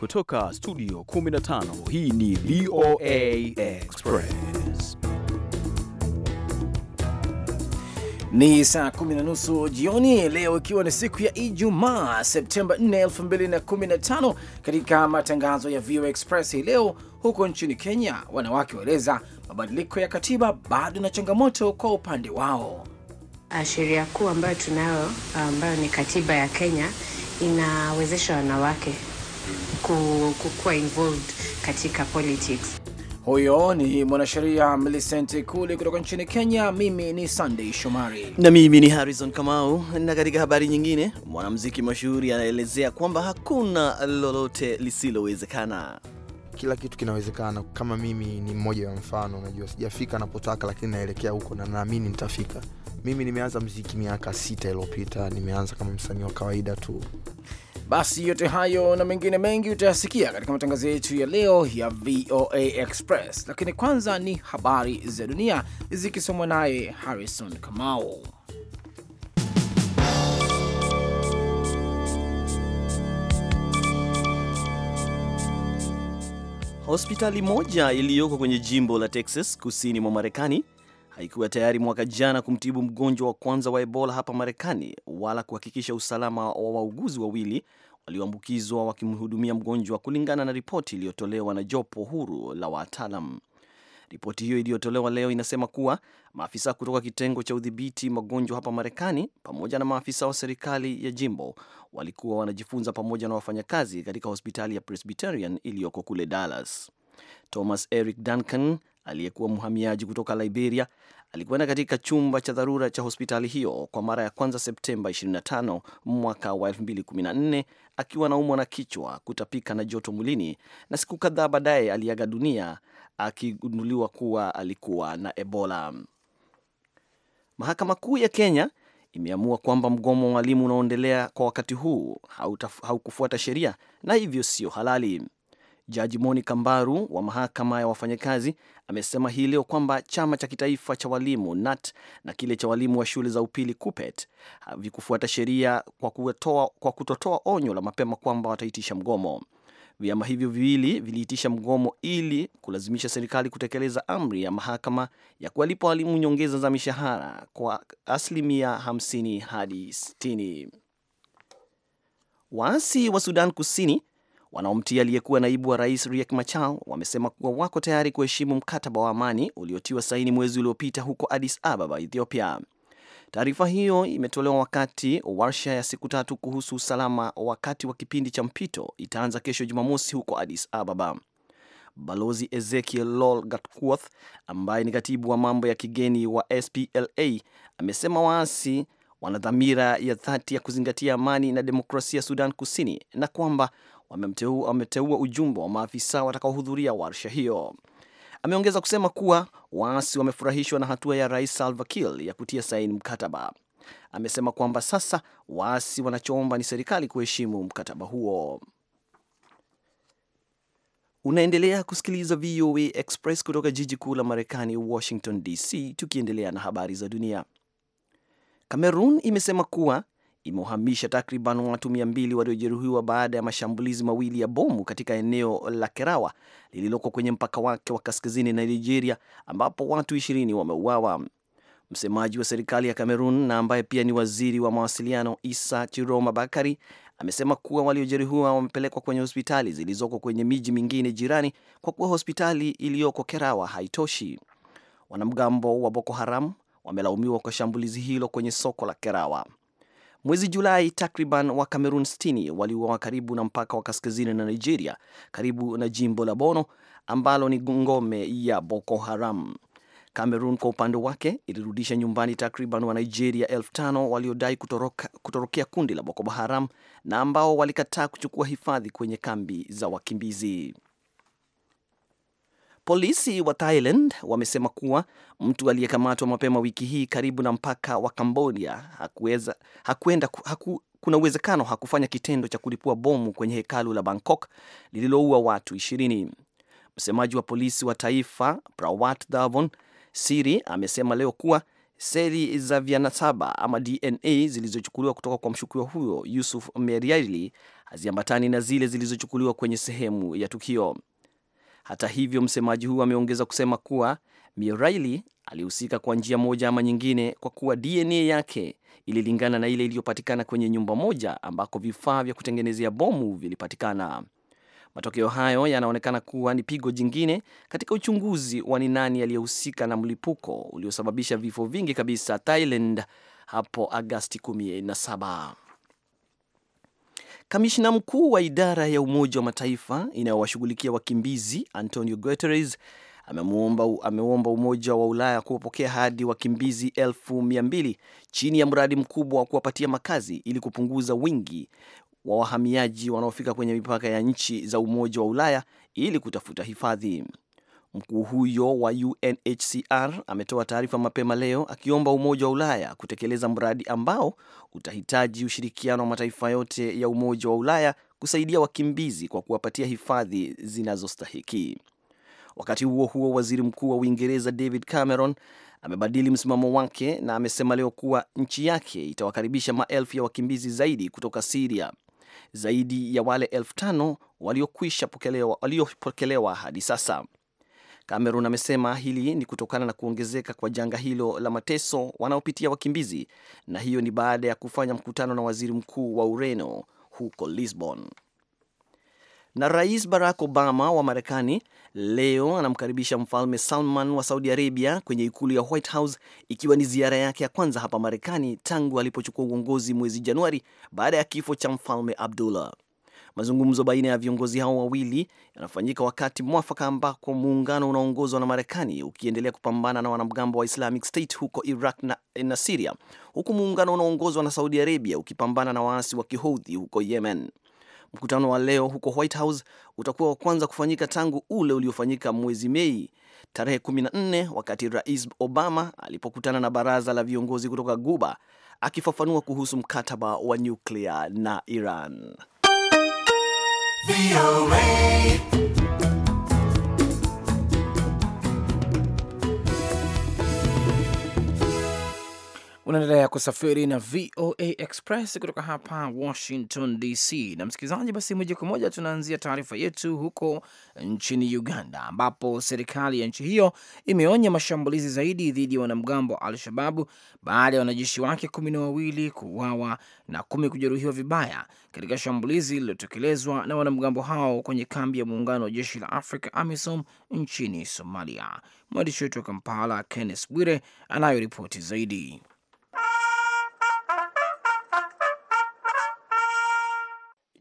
Kutoka studio 15 hii ni VOA Express. Ni saa kumi na nusu jioni leo, ikiwa ni siku ya Ijumaa Septemba 4, 2015. Katika matangazo ya VOA Express hii leo, huko nchini Kenya wanawake waeleza mabadiliko ya katiba bado na changamoto kwa upande wao. Ah, sheria kuu ambayo tunayo ambayo ni katiba ya Kenya inawezesha wanawake kukuwa involved katika politics. Huyo ni mwanasheria Millicent Kuli kutoka nchini Kenya. Mimi ni Sunday Shomari na mimi ni Harrison Kamau. Na katika habari nyingine, mwanamuziki mashuhuri anaelezea kwamba hakuna lolote lisilowezekana. Kila kitu kinawezekana. Kama mimi ni mmoja wa mfano, najua sijafika napotaka, lakini naelekea huko na naamini nitafika mimi nimeanza mziki miaka sita iliyopita, nimeanza kama msanii wa kawaida tu. Basi yote hayo na mengine mengi utayasikia katika matangazo yetu ya leo ya VOA Express, lakini kwanza ni habari za dunia zikisomwa naye Harrison Kamau. Hospitali moja iliyoko kwenye jimbo la Texas kusini mwa Marekani haikuwa tayari mwaka jana kumtibu mgonjwa wa kwanza wa Ebola hapa Marekani wala kuhakikisha usalama wa wauguzi wawili walioambukizwa wakimhudumia mgonjwa, kulingana na ripoti iliyotolewa na jopo huru la wataalam. Ripoti hiyo iliyotolewa leo inasema kuwa maafisa kutoka kitengo cha udhibiti magonjwa hapa Marekani pamoja na maafisa wa serikali ya jimbo walikuwa wanajifunza pamoja na wafanyakazi katika hospitali ya Presbyterian iliyoko kule Dallas. Thomas Eric Duncan aliyekuwa mhamiaji kutoka Liberia alikwenda katika chumba cha dharura cha hospitali hiyo kwa mara ya kwanza Septemba 25 mwaka wa 2014 akiwa naumwa na kichwa, kutapika na joto mwilini, na siku kadhaa baadaye aliaga dunia akigunduliwa kuwa alikuwa na Ebola. Mahakama Kuu ya Kenya imeamua kwamba mgomo wa walimu unaoendelea kwa wakati huu haukufuata sheria na hivyo sio halali. Jaji Monica Mbaru wa mahakama ya wafanyakazi amesema hii leo kwamba chama cha kitaifa cha walimu NAT na kile cha walimu wa shule za upili KUPET havikufuata sheria kwa, kwa kutotoa onyo la mapema kwamba wataitisha mgomo. Vyama hivyo viwili viliitisha mgomo ili kulazimisha serikali kutekeleza amri ya mahakama ya kuwalipa walimu nyongeza za mishahara kwa asilimia 50 hadi 60. Waasi wa Sudan Kusini wanaomtia aliyekuwa naibu wa rais Riek Machar wamesema kuwa wako tayari kuheshimu mkataba wa amani uliotiwa saini mwezi uliopita huko Addis Ababa, Ethiopia. Taarifa hiyo imetolewa wakati warsha ya siku tatu kuhusu usalama wakati wa kipindi cha mpito itaanza kesho Jumamosi huko Addis Ababa. Balozi Ezekiel Lol Gatkuoth ambaye ni katibu wa mambo ya kigeni wa SPLA amesema waasi wana dhamira ya dhati ya kuzingatia amani na demokrasia Sudan Kusini na kwamba wameteua ujumbe wa maafisa watakaohudhuria warsha hiyo. Ameongeza kusema kuwa waasi wamefurahishwa na hatua ya Rais Salva Kiir ya kutia saini mkataba. Amesema kwamba sasa waasi wanachoomba ni serikali kuheshimu mkataba huo. Unaendelea kusikiliza VOA Express kutoka jiji kuu la Marekani, Washington DC. Tukiendelea na habari za dunia, Kamerun imesema kuwa imewahamisha takriban watu mia mbili waliojeruhiwa baada ya mashambulizi mawili ya bomu katika eneo la Kerawa lililoko kwenye mpaka wake wa kaskazini na Nigeria, ambapo watu ishirini wameuawa. Msemaji wa serikali ya Kamerun na ambaye pia ni waziri wa mawasiliano Isa Chiroma Bakari amesema kuwa waliojeruhiwa wamepelekwa kwenye hospitali zilizoko kwenye miji mingine jirani kwa kuwa hospitali iliyoko Kerawa haitoshi. Wanamgambo wa Boko Haram wamelaumiwa kwa shambulizi hilo kwenye soko la Kerawa. Mwezi Julai, takriban wa Kamerun 60 waliuawa karibu na mpaka wa kaskazini na Nigeria, karibu na jimbo la Bono ambalo ni ngome ya Boko Haram. Kamerun kwa upande wake ilirudisha nyumbani takriban wa Nigeria elfu tano waliodai kutoroka, kutorokea kundi la Boko Haram na ambao walikataa kuchukua hifadhi kwenye kambi za wakimbizi. Polisi wa Thailand wamesema kuwa mtu aliyekamatwa mapema wiki hii karibu na mpaka wa Cambodia hakuweza, hakuenda, haku, kuna uwezekano hakufanya kitendo cha kulipua bomu kwenye hekalu la Bangkok lililoua watu ishirini. Msemaji wa polisi wa taifa Prawat Davon Siri amesema leo kuwa seli za vianasaba ama DNA zilizochukuliwa kutoka kwa mshukiwa huyo Yusuf Meriali haziambatani na zile zilizochukuliwa kwenye sehemu ya tukio. Hata hivyo, msemaji huyu ameongeza kusema kuwa miraili alihusika kwa njia moja ama nyingine, kwa kuwa DNA yake ililingana na ile iliyopatikana kwenye nyumba moja ambako vifaa vya kutengenezea bomu vilipatikana. Matokeo hayo yanaonekana kuwa ni pigo jingine katika uchunguzi wa ni nani aliyehusika na mlipuko uliosababisha vifo vingi kabisa Thailand hapo Agasti 17. Kamishna mkuu wa idara ya Umoja wa Mataifa inayowashughulikia wakimbizi Antonio Guterres ameuomba Umoja wa Ulaya kuwapokea hadi wakimbizi elfu mia mbili chini ya mradi mkubwa wa kuwapatia makazi ili kupunguza wingi wa wahamiaji wanaofika kwenye mipaka ya nchi za Umoja wa Ulaya ili kutafuta hifadhi. Mkuu huyo wa UNHCR ametoa taarifa mapema leo akiomba Umoja wa Ulaya kutekeleza mradi ambao utahitaji ushirikiano wa mataifa yote ya Umoja wa Ulaya kusaidia wakimbizi kwa kuwapatia hifadhi zinazostahiki. Wakati huo huo, waziri mkuu wa Uingereza David Cameron amebadili msimamo wake na amesema leo kuwa nchi yake itawakaribisha maelfu ya wakimbizi zaidi kutoka Siria, zaidi ya wale elfu tano waliopokelewa hadi sasa. Cameron amesema hili ni kutokana na kuongezeka kwa janga hilo la mateso wanaopitia wakimbizi, na hiyo ni baada ya kufanya mkutano na waziri mkuu wa Ureno huko Lisbon. Na Rais Barack Obama wa Marekani leo anamkaribisha Mfalme Salman wa Saudi Arabia kwenye ikulu ya White House ikiwa ni ziara yake ya kwanza hapa Marekani tangu alipochukua uongozi mwezi Januari baada ya kifo cha Mfalme Abdullah. Mazungumzo baina ya viongozi hao wawili yanafanyika wakati mwafaka ambako muungano unaongozwa na Marekani ukiendelea kupambana na wanamgambo wa Islamic State huko Iraq na, na Siria, huku muungano unaoongozwa na Saudi Arabia ukipambana na waasi wa Kihoudhi huko Yemen. Mkutano wa leo huko White House utakuwa wa kwanza kufanyika tangu ule uliofanyika mwezi Mei tarehe 14 wakati Rais Obama alipokutana na baraza la viongozi kutoka Guba akifafanua kuhusu mkataba wa nyuklia na Iran. VOA. Unaendelea kusafiri na VOA Express kutoka hapa Washington DC. Na msikilizaji, basi moja kwa moja tunaanzia taarifa yetu huko nchini Uganda, ambapo serikali ya nchi hiyo imeonya mashambulizi zaidi dhidi ya wanamgambo wa Al-Shababu baada ya wanajeshi wake kumi na wawili kuuawa na kumi kujeruhiwa vibaya katika shambulizi lililotekelezwa na wanamgambo hao kwenye kambi ya muungano wa jeshi la Afrika, AMISOM, nchini Somalia. Mwandishi wetu wa Kampala, Kenneth Bwire, anayo ripoti zaidi.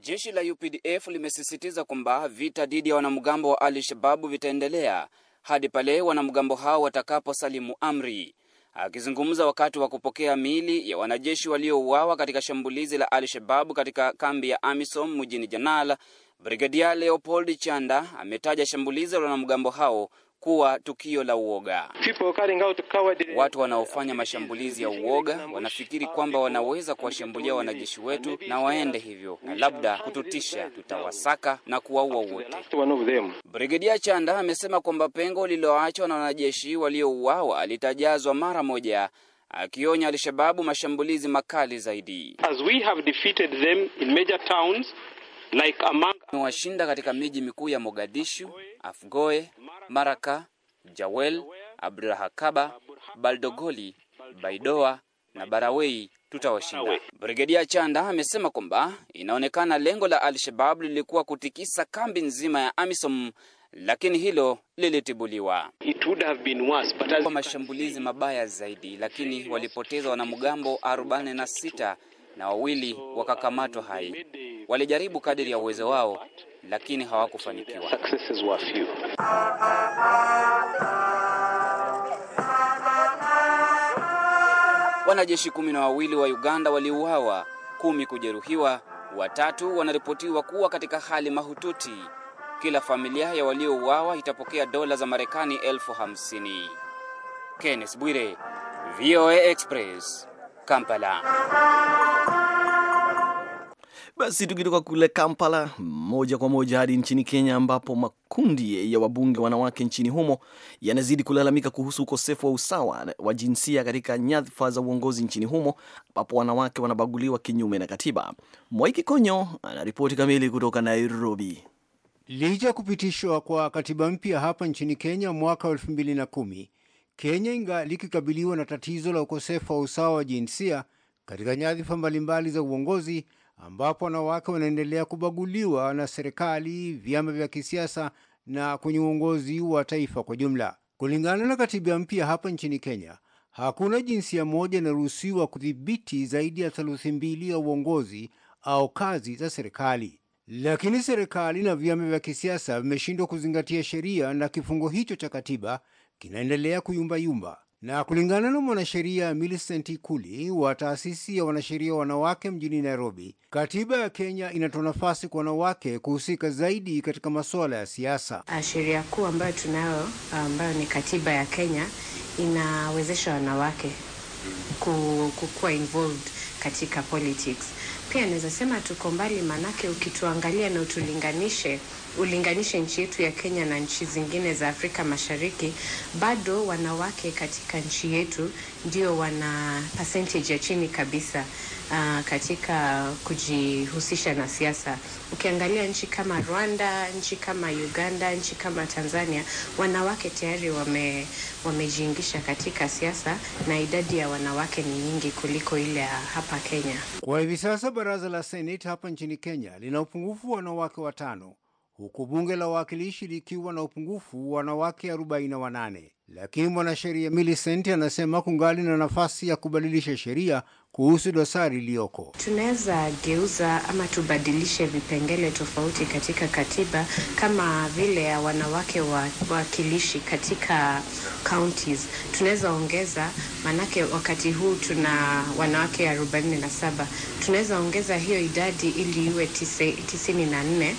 Jeshi la UPDF limesisitiza kwamba vita dhidi ya wanamgambo wa Al Shababu vitaendelea hadi pale wanamgambo hao watakaposalimu amri. Akizungumza wakati wa kupokea miili ya wanajeshi waliouawa katika shambulizi la Al Shababu katika kambi ya AMISOM mjini Janala, Brigadia Leopold Chanda ametaja shambulizi la wanamgambo hao kuwa tukio la uoga. Watu wanaofanya mashambulizi ya uoga wanafikiri kwamba wanaweza kuwashambulia wanajeshi wetu na waende hivyo na labda kututisha, tutawasaka na kuwaua wote. Brigedia Chanda amesema kwamba pengo lililoachwa na wanajeshi waliouawa alitajazwa mara moja, akionya Alshababu mashambulizi makali zaidi. As we have defeated them in major towns, like among imewashinda katika miji mikuu ya Mogadishu, Afgoe, Maraka, Jawel, Abdurahakaba, Baldogoli, Baidoa na Barawei tutawashinda. Brigedia Chanda amesema kwamba inaonekana lengo la Al-Shabab lilikuwa kutikisa kambi nzima ya AMISOM lakini hilo lilitibuliwa kwa mashambulizi mabaya zaidi, lakini walipoteza wanamgambo 46 na wawili wakakamatwa hai. Walijaribu kadiri ya uwezo wao, lakini hawakufanikiwa. Wanajeshi kumi na wawili wa Uganda waliuawa, kumi kujeruhiwa, watatu wanaripotiwa kuwa katika hali mahututi. Kila familia ya waliouawa itapokea dola za Marekani elfu hamsini. Kenneth Bwire, VOA Express, Kampala. Basi tukitoka kule Kampala moja kwa moja hadi nchini Kenya, ambapo makundi ya wabunge wanawake nchini humo yanazidi kulalamika kuhusu ukosefu wa usawa wa jinsia katika nyadhifa za uongozi nchini humo, ambapo wanawake wanabaguliwa kinyume na katiba. Mwaiki Konyo anaripoti kamili kutoka Nairobi. Licha ya kupitishwa kwa katiba mpya hapa nchini Kenya mwaka wa elfu mbili na kumi, Kenya inga likikabiliwa na tatizo la ukosefu wa usawa wa jinsia katika nyadhifa mbalimbali za uongozi ambapo wanawake wanaendelea kubaguliwa na serikali, vyama vya kisiasa na kwenye uongozi wa taifa kwa jumla. Kulingana na katiba mpya hapa nchini Kenya, hakuna jinsia moja inaruhusiwa kudhibiti zaidi ya theluthi mbili ya uongozi au kazi za serikali. Lakini serikali na vyama vya kisiasa vimeshindwa kuzingatia sheria na kifungo hicho cha katiba kinaendelea kuyumbayumba. Na kulingana na mwanasheria Millicent Ikuli wa taasisi ya wanasheria wanawake mjini Nairobi, katiba ya Kenya inatoa nafasi kwa wanawake kuhusika zaidi katika masuala ya siasa. Ah, sheria kuu ambayo tunayo ambayo ni katiba ya Kenya inawezesha wanawake kukuwa involved katika politics pia naweza sema tuko mbali, manake ukituangalia na utulinganishe ulinganishe nchi yetu ya Kenya na nchi zingine za Afrika Mashariki, bado wanawake katika nchi yetu ndio wana percentage ya chini kabisa uh, katika kujihusisha na siasa. Ukiangalia nchi kama Rwanda, nchi kama Uganda, nchi kama Tanzania, wanawake tayari wame, wamejiingisha katika siasa na idadi ya wanawake ni nyingi kuliko ile ya hapa Kenya. Kwa hivi sasa baraza la Seneti hapa nchini Kenya lina upungufu wa wanawake watano huku bunge la wawakilishi likiwa na upungufu wa wanawake 48. Lakini mwanasheria Millicent anasema kungali na nafasi ya kubadilisha sheria kuhusu dosari iliyoko. Tunaweza geuza ama tubadilishe vipengele tofauti katika katiba, kama vile ya wanawake wawakilishi katika counties. Tunaweza ongeza, maanake wakati huu tuna wanawake 47. Tunaweza ongeza hiyo idadi ili iwe 94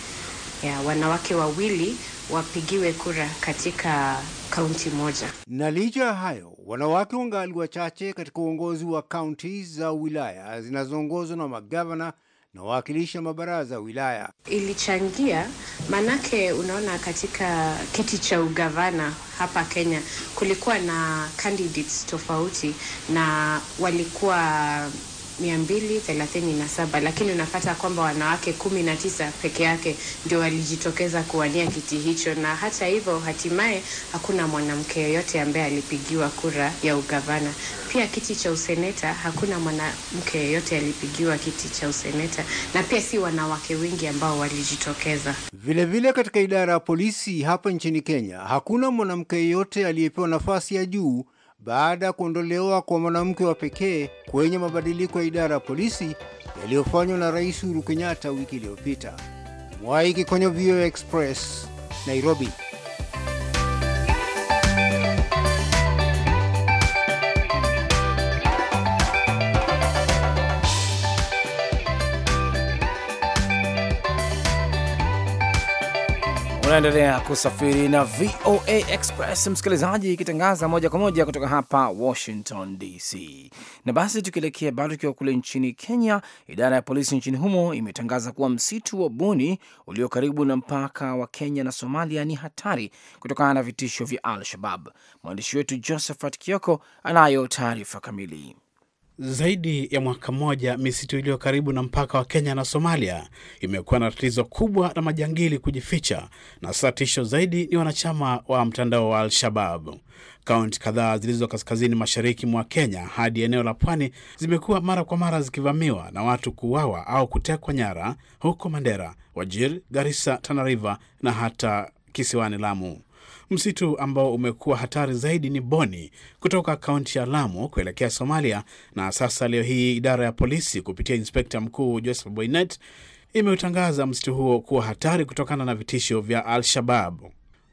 ya wanawake wawili wapigiwe kura katika kaunti moja. Na licha ya hayo, wanawake wangali wachache katika uongozi wa kaunti za wilaya zinazoongozwa na magavana na wawakilishi wa mabaraza wilaya. Ilichangia maanake, unaona katika kiti cha ugavana hapa Kenya kulikuwa na candidates tofauti na walikuwa 237 lakini unapata kwamba wanawake kumi na tisa peke yake ndio walijitokeza kuwania kiti hicho, na hata hivyo hatimaye hakuna mwanamke yoyote ambaye alipigiwa kura ya ugavana. Pia kiti cha useneta, hakuna mwanamke yeyote alipigiwa kiti cha useneta, na pia si wanawake wengi ambao walijitokeza. Vilevile vile katika idara ya polisi hapa nchini Kenya hakuna mwanamke yeyote aliyepewa nafasi ya juu baada ya kuondolewa kwa mwanamke wa pekee kwenye mabadiliko ya idara ya polisi yaliyofanywa na Rais Uhuru Kenyatta wiki iliyopita. Mwaiki kwenye VOA Express, Nairobi. Unaendelea kusafiri na VOA Express msikilizaji, ikitangaza moja kwa moja kutoka hapa Washington DC. Na basi tukielekea bado tukiwa kule nchini Kenya, idara ya polisi nchini humo imetangaza kuwa msitu wa Boni ulio karibu na mpaka wa Kenya na Somalia ni hatari kutokana na vitisho vya Al Shabab. Mwandishi wetu Josephat Kioko anayo taarifa kamili. Zaidi ya mwaka mmoja, misitu iliyo karibu na mpaka wa Kenya na Somalia imekuwa na tatizo kubwa la majangili kujificha, na sasa tisho zaidi ni wanachama wa mtandao wa Al-Shabab. Kaunti kadhaa zilizo kaskazini mashariki mwa Kenya hadi eneo la pwani zimekuwa mara kwa mara zikivamiwa na watu kuuawa au kutekwa nyara huko Mandera, Wajir, Garissa, Tana River na hata kisiwani Lamu. Msitu ambao umekuwa hatari zaidi ni Boni kutoka kaunti ya Lamu kuelekea Somalia, na sasa leo hii idara ya polisi kupitia inspekta mkuu Joseph Boynet imeutangaza msitu huo kuwa hatari kutokana na vitisho vya Al-Shabab.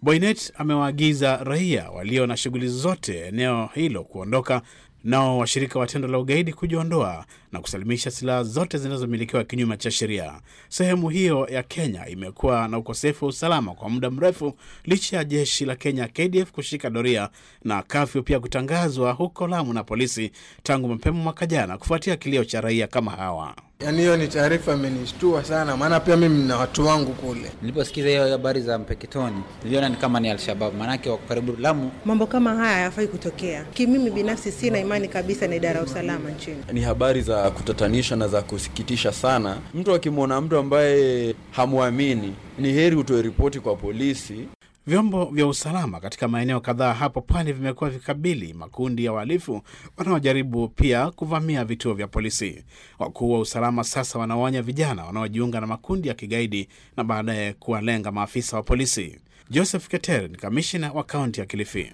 Boynet amewaagiza raia walio na shughuli zote eneo hilo kuondoka nao washirika wa tendo la ugaidi kujiondoa na kusalimisha silaha zote zinazomilikiwa kinyume cha sheria. Sehemu hiyo ya Kenya imekuwa na ukosefu wa usalama kwa muda mrefu licha ya jeshi la Kenya KDF kushika doria na kafyu pia kutangazwa huko Lamu na polisi tangu mapema mwaka jana kufuatia kilio cha raia kama hawa. Yaani hiyo ni taarifa imenishtua sana, maana pia mimi na watu wangu kule. Niliposikiza hiyo habari za Mpeketoni niliona ni kama ni Alshabab, maanake wako karibu Lamu. Mambo kama haya hayafai kutokea. Kimimi binafsi sina imani kabisa na idara ya usalama nchini. Ni habari za kutatanisha na za kusikitisha sana. Mtu akimwona mtu ambaye hamwamini, ni heri utoe ripoti kwa polisi. Vyombo vya usalama katika maeneo kadhaa hapo pwani vimekuwa vikabili makundi ya wahalifu wanaojaribu pia kuvamia vituo vya polisi. Wakuu wa usalama sasa wanawaonya vijana wanaojiunga na makundi ya kigaidi na baadaye kuwalenga maafisa wa polisi. Joseph Keter ni kamishina wa kaunti ya Kilifi.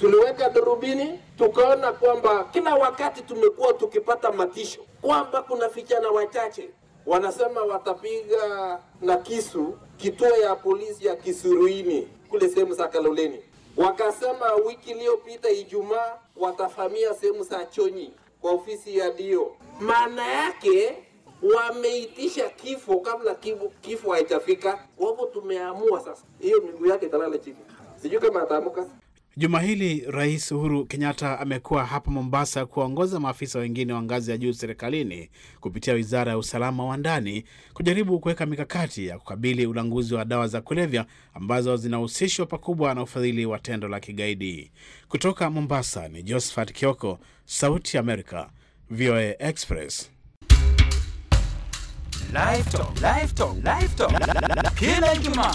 Tuliweka darubini tukaona kwamba kila wakati tumekuwa tukipata matisho kwamba kuna vijana wachache wanasema watapiga na kisu kituo ya polisi ya Kisuruini kule sehemu za Kaloleni. Wakasema wiki iliyopita Ijumaa watafamia sehemu za Chonyi kwa ofisi ya Dio. Maana yake wameitisha kifo kabla kifo, kifo haijafika. Wapo tumeamua sasa, hiyo miguu yake italala chini, sijui kama ataamuka. Juma hili Rais Uhuru Kenyatta amekuwa hapa Mombasa kuwaongoza maafisa wengine wa ngazi ya juu serikalini kupitia wizara ya usalama wa ndani kujaribu kuweka mikakati ya kukabili ulanguzi wa dawa za kulevya ambazo zinahusishwa pakubwa na ufadhili wa tendo la kigaidi. Kutoka Mombasa ni Josephat Kioko, Sauti ya Amerika, VOA Express. Live Talk, Live Talk, Live Talk. Kila Ijumaa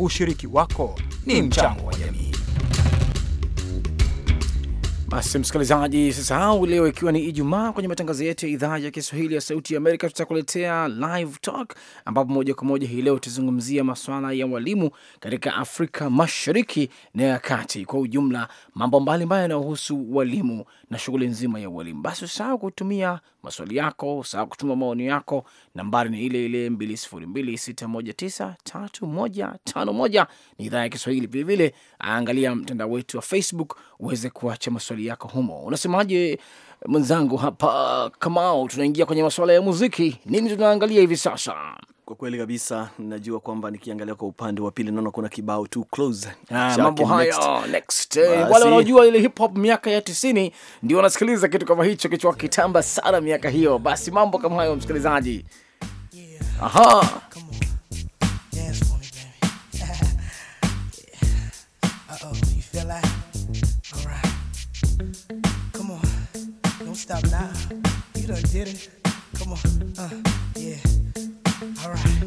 Ushiriki wako ni mchango wa jamii. Basi msikilizaji, sisahau leo, ikiwa ni Ijumaa, kwenye matangazo yetu ya idhaa ya Kiswahili ya Sauti ya Amerika tutakuletea Live Talk, ambapo moja kwa moja hii leo tutazungumzia maswala ya walimu katika Afrika Mashariki na ya Kati kwa ujumla, mambo mbalimbali yanayohusu walimu na shughuli nzima ya ualimu. Basi usahau kutumia maswali yako, usahau kutuma maoni yako. Nambari ni ile ile moja Ni idhaa ya Kiswahili. Vilevile angalia mtandao wetu wa Facebook uweze kuacha maswali yako humo. Unasemaje? mwenzangu hapa kamau tunaingia kwenye masuala ya muziki. Nini tunaangalia hivi sasa? Kwa kweli kabisa, najua kwamba nikiangalia kwa upande wa pili naona kuna kibao tu close ah, mambo hayo next. Eh, wale wanaojua ile hip hop miaka ya 90 ndio wanasikiliza kitu kama hicho, kichwa kitamba sana miaka hiyo. Basi mambo kama hayo, msikilizaji. Aha. Come on. stop now. You done did it. Come on. Uh, yeah. All right.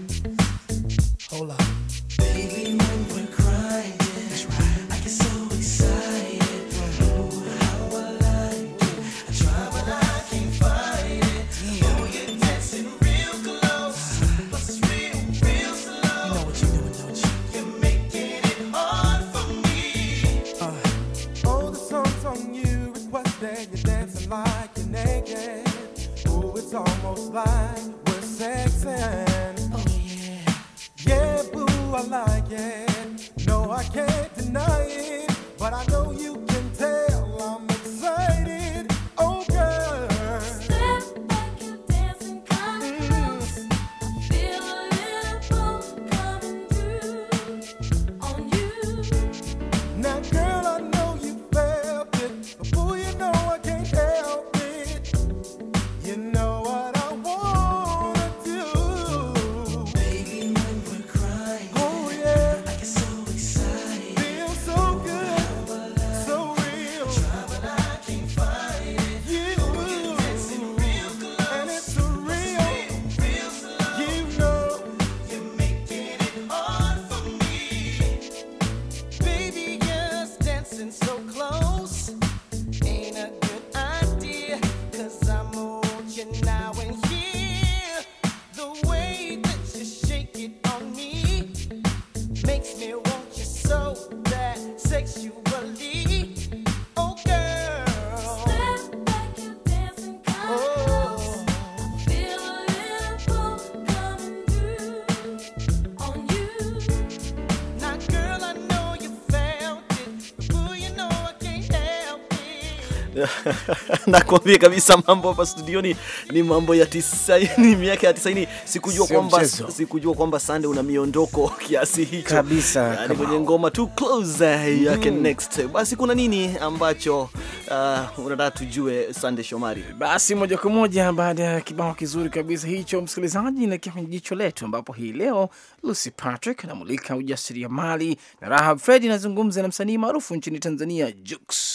nakwambia kabisa mambo hapa studioni ni mambo ya tisaini, miaka ya tisaini. Sikujua kwamba sikujua kwamba Sande una miondoko kiasi hicho kabisa, yani kwenye ngoma tu close eh, yake mm. Next basi, kuna nini ambacho uh, unataka tujue Sande Shomari? Basi moja kwa moja baada ya kibao kizuri kabisa hicho, msikilizaji, nakia kwenye jicho letu, ambapo hii leo Lucy Patrick anamulika ujasiriamali na Rahab Fredi anazungumza na msanii maarufu nchini Tanzania Jux.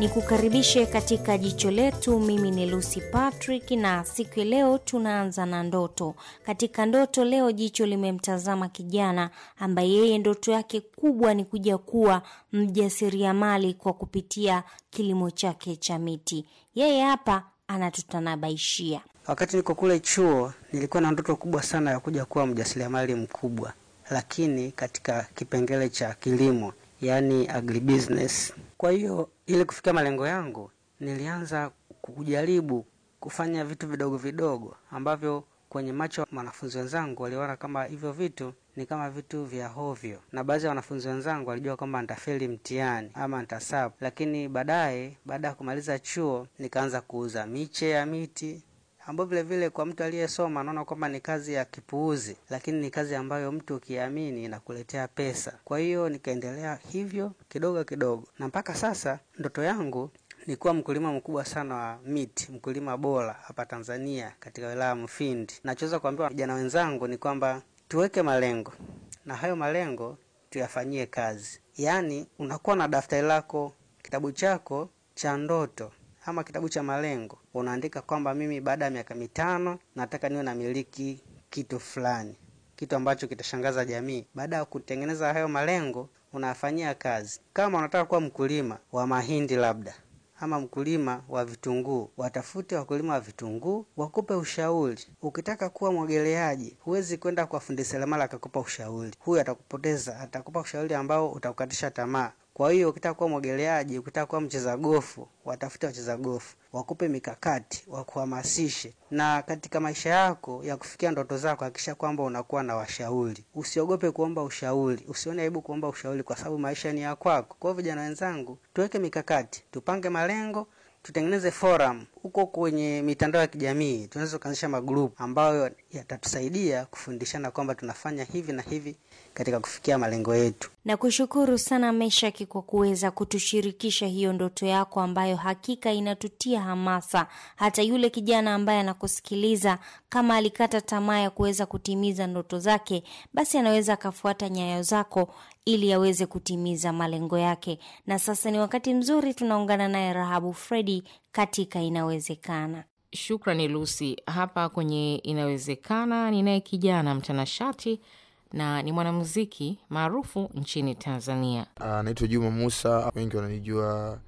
ni kukaribishe katika jicho letu. Mimi ni Lucy Patrick na siku ya leo tunaanza na ndoto. Katika ndoto leo jicho limemtazama kijana ambaye yeye ndoto yake kubwa ni kuja kuwa mjasiriamali kwa kupitia kilimo chake cha miti. Yeye hapa anatutanabaishia. Wakati niko kule chuo nilikuwa na ndoto kubwa sana ya kuja kuwa mjasiriamali mkubwa, lakini katika kipengele cha kilimo yani agribusiness. Kwa hiyo ili kufikia malengo yangu, nilianza kujaribu kufanya vitu vidogo vidogo ambavyo kwenye macho wanafunzi wenzangu waliona kama hivyo vitu ni kama vitu vya hovyo, na baadhi ya wanafunzi wenzangu walijua kwamba nitafeli mtihani ama nitasabu. Lakini baadaye, baada ya kumaliza chuo, nikaanza kuuza miche ya miti, ambayo vile vile kwa mtu aliyesoma anaona kwamba ni kazi ya kipuuzi, lakini ni kazi ambayo mtu ukiamini inakuletea pesa. Kwa hiyo nikaendelea hivyo kidogo kidogo, na mpaka sasa ndoto yangu ni kuwa mkulima mkubwa sana wa miti, mkulima bora hapa Tanzania, katika wilaya mfindi Nachoweza kuambiwa vijana wenzangu ni kwamba tuweke malengo na hayo malengo tuyafanyie kazi, yaani unakuwa na daftari lako, kitabu chako cha ndoto ama kitabu cha malengo, unaandika kwamba mimi baada ya miaka mitano nataka niwe namiliki kitu fulani, kitu ambacho kitashangaza jamii. Baada ya kutengeneza hayo malengo, unafanyia kazi. Kama unataka kuwa mkulima wa mahindi labda ama mkulima wa vitunguu, watafute wakulima wa vitunguu wakupe ushauri. Ukitaka kuwa mwogeleaji, huwezi kwenda kwa fundi selemala akakupa ushauri, huyu atakupoteza, atakupa ushauri ambao utakukatisha tamaa. Kwa hiyo ukitaka kuwa mwogeleaji, ukitaka kuwa mcheza gofu, watafute wacheza gofu wakupe mikakati, wakuhamasishe. Na katika maisha yako ya kufikia ndoto zako, hakikisha kwamba unakuwa na washauri. Usiogope kuomba ushauri, usione aibu kuomba ushauri, kwa sababu maisha ni ya kwako. Kwa hiyo vijana wenzangu, tuweke mikakati, tupange malengo tutengeneze forum huko kwenye mitandao ya kijamii, tunaweza kuanzisha magrupu ambayo yatatusaidia kufundishana kwamba tunafanya hivi na hivi katika kufikia malengo yetu. Na kushukuru sana Meshaki kwa kuweza kutushirikisha hiyo ndoto yako ambayo hakika inatutia hamasa. Hata yule kijana ambaye anakusikiliza kama alikata tamaa ya kuweza kutimiza ndoto zake, basi anaweza akafuata nyayo zako ili aweze kutimiza malengo yake. Na sasa ni wakati mzuri tunaungana naye Rahabu Fredi katika Inawezekana. Shukrani Lucy. Hapa kwenye Inawezekana ninaye kijana mtanashati na ni mwanamuziki maarufu nchini Tanzania. Anaitwa ah, uh, Juma Musa, wengi wananijua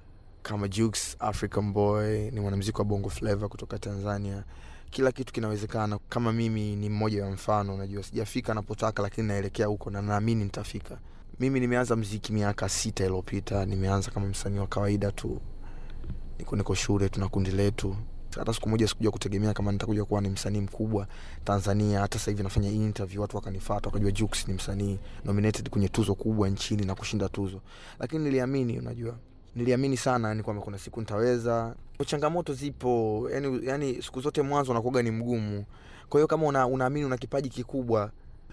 kama Jukes African Boy. Ni mwanamuziki wa Bongo Flava kutoka Tanzania. Kila kitu kinawezekana. Kama mimi ni mmoja wa mfano, najua sijafika napotaka, lakini naelekea huko na naamini nitafika mimi nimeanza mziki miaka sita iliyopita nimeanza kama msanii wa kawaida tu niko niko shule tuna kundi letu hata siku moja sikuja kutegemea kama nitakuja kuwa ni msanii mkubwa tanzania hata sasa hivi nafanya interview watu wakanifata wakajua Jux ni msanii nominated kwenye tuzo kubwa nchini na kushinda tuzo lakini niliamini unajua niliamini sana yani kwamba kuna siku nitaweza changamoto zipo yani, yani siku zote mwanzo unakuaga ni mgumu kwa hiyo kama una, unaamini una kipaji kikubwa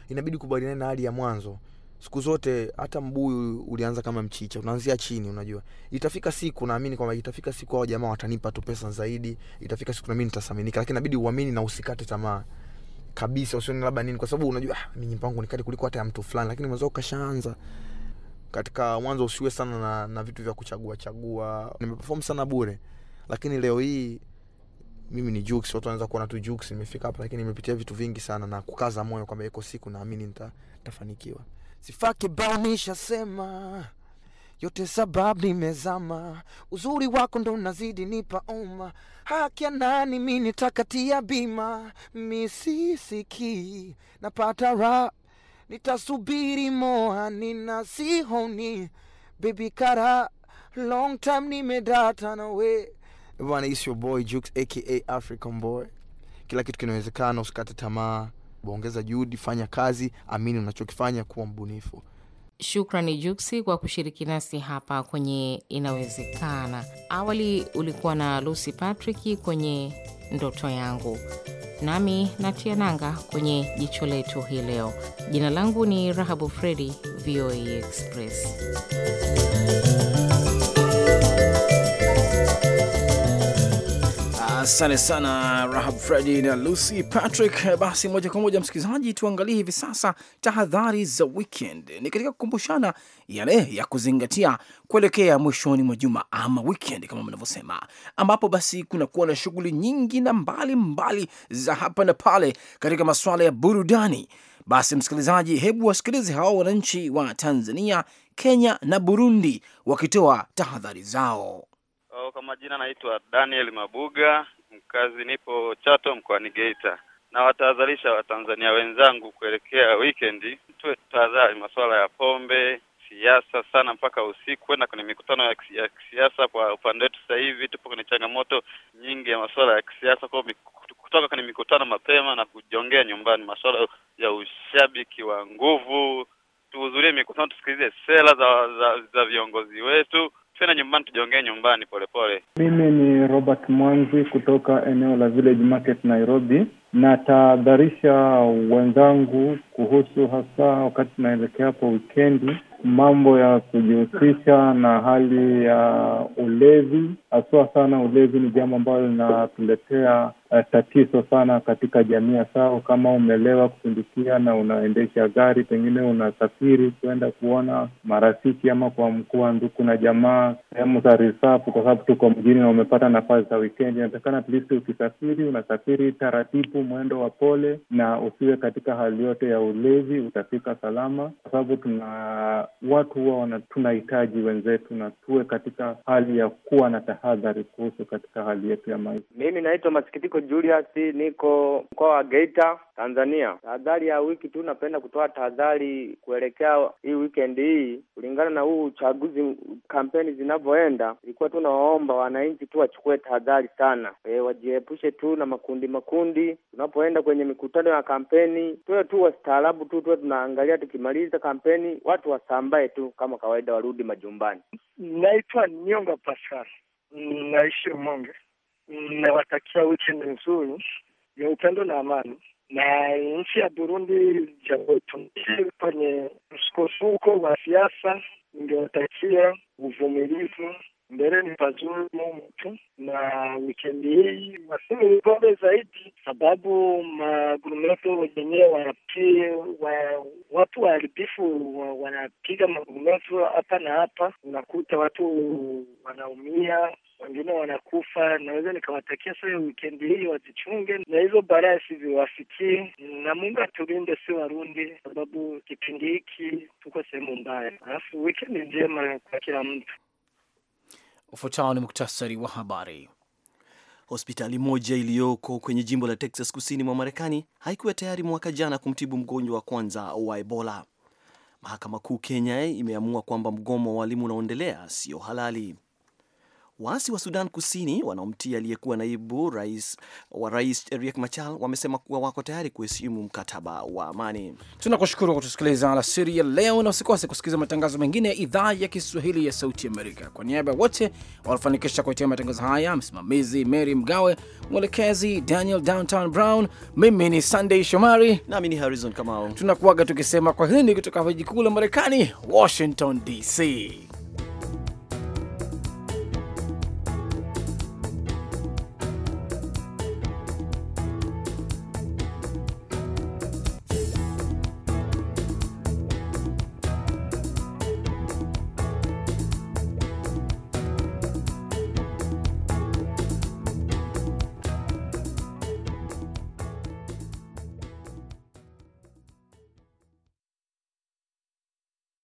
inabidi kubaliana na hali ya mwanzo siku zote hata mbuyu ulianza kama mchicha, unaanzia chini. Unajua itafika siku, naamini kwamba itafika siku hao jamaa watanipa tu pesa zaidi, itafika siku nami nitasaminika, lakini inabidi uamini na usikate tamaa kabisa, usione labda nini, kwa sababu unajua ah, mimi mpango ni nikali kuliko hata ya mtu fulani, lakini mwanzo ukashaanza katika mwanzo, usiwe sana na, na vitu vya kuchagua chagua. Nimeperform sana bure, lakini leo hii mimi ni Jux, watu wanaweza kuona tu Jux nimefika hapa, lakini nimepitia vitu vingi sana na kukaza moyo kwamba iko siku naamini nitafanikiwa. nita Sifa kibao nishasema, yote sababu nimezama, uzuri wako ndo nazidi nipa uma, haki ya nani mi nitakatia bima, misisiki napata ra, nitasubiri moa, nina sihoni bebi kara, long time nimedata nawe bwana. Is boy juks aka African Boy, kila kitu kinawezekana, usikate tamaa. Bongeza juhudi, fanya kazi, amini unachokifanya, kuwa mbunifu. Shukrani Juksi kwa kushiriki nasi hapa kwenye Inawezekana. Awali ulikuwa na Lucy Patrick kwenye Ndoto Yangu, nami natia nanga kwenye Jicho Letu hii leo. Jina langu ni Rahabu Fredi, VOA Express. Asante sana Rahab Fredi na Lucy Patrick. Basi moja kwa moja, msikilizaji, tuangalie hivi sasa tahadhari za weekend. Ni katika kukumbushana yale ya kuzingatia kuelekea mwishoni mwa juma ama weekend kama mnavyosema, ambapo basi kunakuwa na shughuli nyingi na mbalimbali mbali za hapa na pale katika masuala ya burudani. Basi msikilizaji, hebu wasikilize hao wananchi wa Tanzania, Kenya na Burundi wakitoa tahadhari zao. Oh, kwa majina naitwa Daniel Mabuga, kazi nipo Chato mkoani Geita, na watahadharisha Watanzania wenzangu kuelekea wikendi, tuwe tahadhari masuala ya pombe, siasa sana mpaka usiku, kwenda kwenye mikutano ya kisiasa. Kwa upande wetu sasa hivi tupo kwenye changamoto nyingi ya masuala ya kisiasa, kwa kutoka kwenye mikutano mapema na kujongea nyumbani, masuala ya ushabiki wa nguvu. Tuhudhurie mikutano, tusikilize sera za, za, za viongozi wetu tena nyumbani, tujiongee nyumbani polepole. Mimi ni Robert Mwanzi kutoka eneo la Village Market Nairobi. Natahadharisha wenzangu kuhusu, hasa wakati tunaelekea hapo wikendi, mambo ya kujihusisha na hali ya ulevi, haswa sana ulevi ni jambo ambalo linatuletea uh, tatizo sana katika jamii, hasa kama umelewa kusindikia na unaendesha gari, pengine unasafiri kwenda kuona marafiki ama kwa wa nduku na jamaa, sehemu za risafu, kwa sababu tuko mjini na umepata nafasi za wikendi. Inatakana at ukisafiri, unasafiri taratibu, mwendo wa pole, na usiwe katika hali yote ya ulevi, utafika salama, kwa sababu tuna watu huwa tunahitaji wenzetu, na tuwe katika hali ya kuwa na tahadhari kuhusu katika hali yetu ya maisha. Mimi naitwa Masikitiko Julius, niko mkoa wa Geita, Tanzania. Tahadhari ya wiki tu, napenda kutoa tahadhari kuelekea hii weekend hii, kulingana na huu uchaguzi, kampeni zinavyoenda. Ilikuwa tu nawaomba wananchi tu wachukue tahadhari sana, e, wajiepushe tu na makundi makundi. Tunapoenda kwenye mikutano ya kampeni, tuwe tu wastaarabu tu, tuwe tunaangalia, tukimaliza kampeni watu wasambae tu kama kawaida, warudi majumbani. Naitwa Nyonga Pascal, naishi Monge. Ninawatakia wikendi nzuri ya upendo na amani, na nchi ya Burundi japotunie kwenye msukosuko wa siasa, ningewatakia uvumilivu mbele ni pazuri mtu na wikendi hii waseme ipombe zaidi, sababu magurumeto wenyewe wanapiga wa, watu waharibifu wanapiga magurumeto hapa na hapa, unakuta watu wanaumia wengine wanakufa. Naweza nikawatakia sasa wikendi hii wazichunge na hizo baraya siziwafikie, na Mungu atulinde, si Warundi, sababu kipindi hiki tuko sehemu mbaya. Alafu wikendi njema kwa kila mtu. Ufuatao ni muktasari wa habari. Hospitali moja iliyoko kwenye jimbo la Texas kusini mwa Marekani haikuwa tayari mwaka jana kumtibu mgonjwa wa kwanza wa Ebola. Mahakama Kuu Kenya imeamua kwamba mgomo wa walimu unaoendelea sio halali. Waasi wa Sudan Kusini wanaomtii aliyekuwa naibu rais wa rais Riek Machar wamesema kuwa wako tayari kuheshimu mkataba wa amani. Tunakushukuru kwa kutusikiliza alasiri ya leo, na usikose kusikiliza matangazo mengine ya idhaa ya Kiswahili ya Sauti Amerika. Kwa niaba ya wote wanafanikisha kuitia matangazo haya, msimamizi Mary Mgawe, mwelekezi Daniel Downtown Brown, mimi ni Sunday Shomari nami ni Harrison Kamau, tunakuaga tukisema kwa hini kutoka jiji kuu la Marekani, Washington DC.